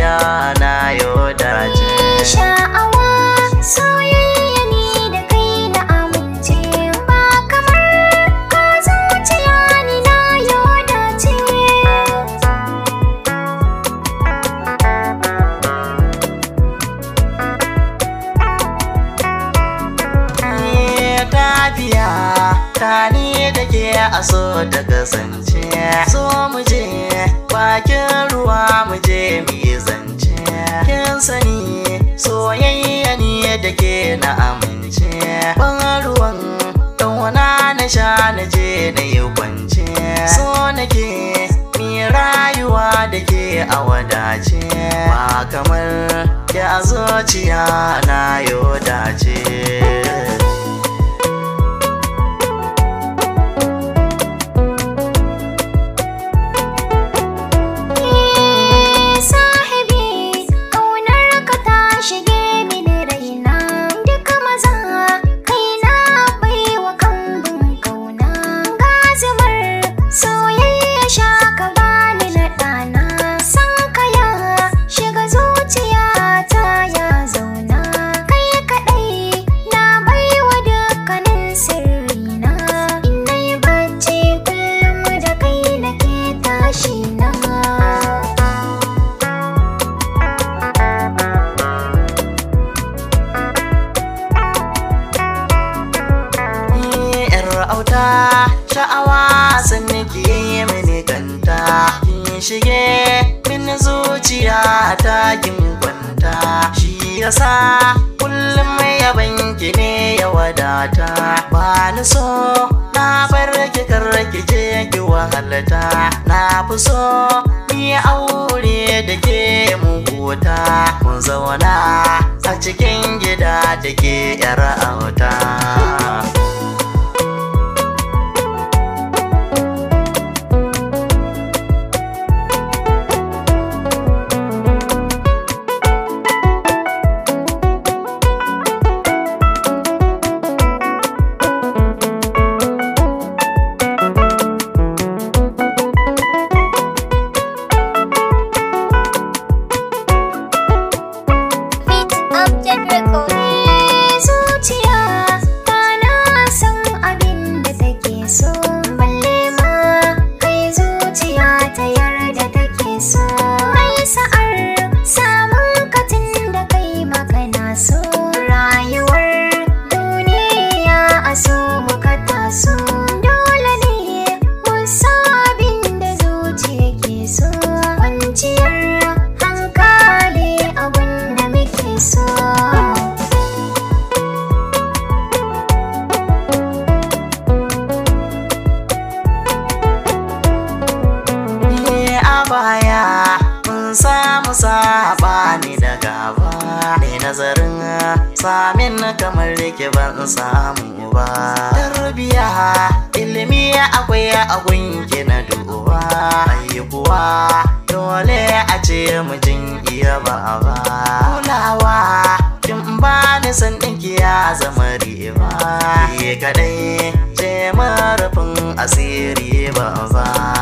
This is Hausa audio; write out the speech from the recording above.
soyayya na yau dace sha'awa soyayya ne da kai na amince ba kamar ka zuciya ni na yau dace tafiya eh, ta ni da ke a so ta kasance so mu je bakin ruwa mu je mu soyayya ne da ke na amince ban ruwan na sha na je na yi kwance so nake mi rayuwa da ke a wadace ba kamar ya zuciya na yau dace san nake yi mini kanta kin shige min zuciya ta kin kwanta shi yasa kullum ya banki ne ya wadata ba ni so na bar ki karki je ki wahalata, na fi so ni aure da ke mu mun zauna a cikin gida da ke yar auta Magic Record. nazarin ah, samin kamar rike ban samu ba tarbiya ilimi akwai agun na duba ayyukuwa dole a ce mutum iya ba ba kulawa kin ba ni san ɗinki ya zama riba ke kadai ce marufin asiri ba ba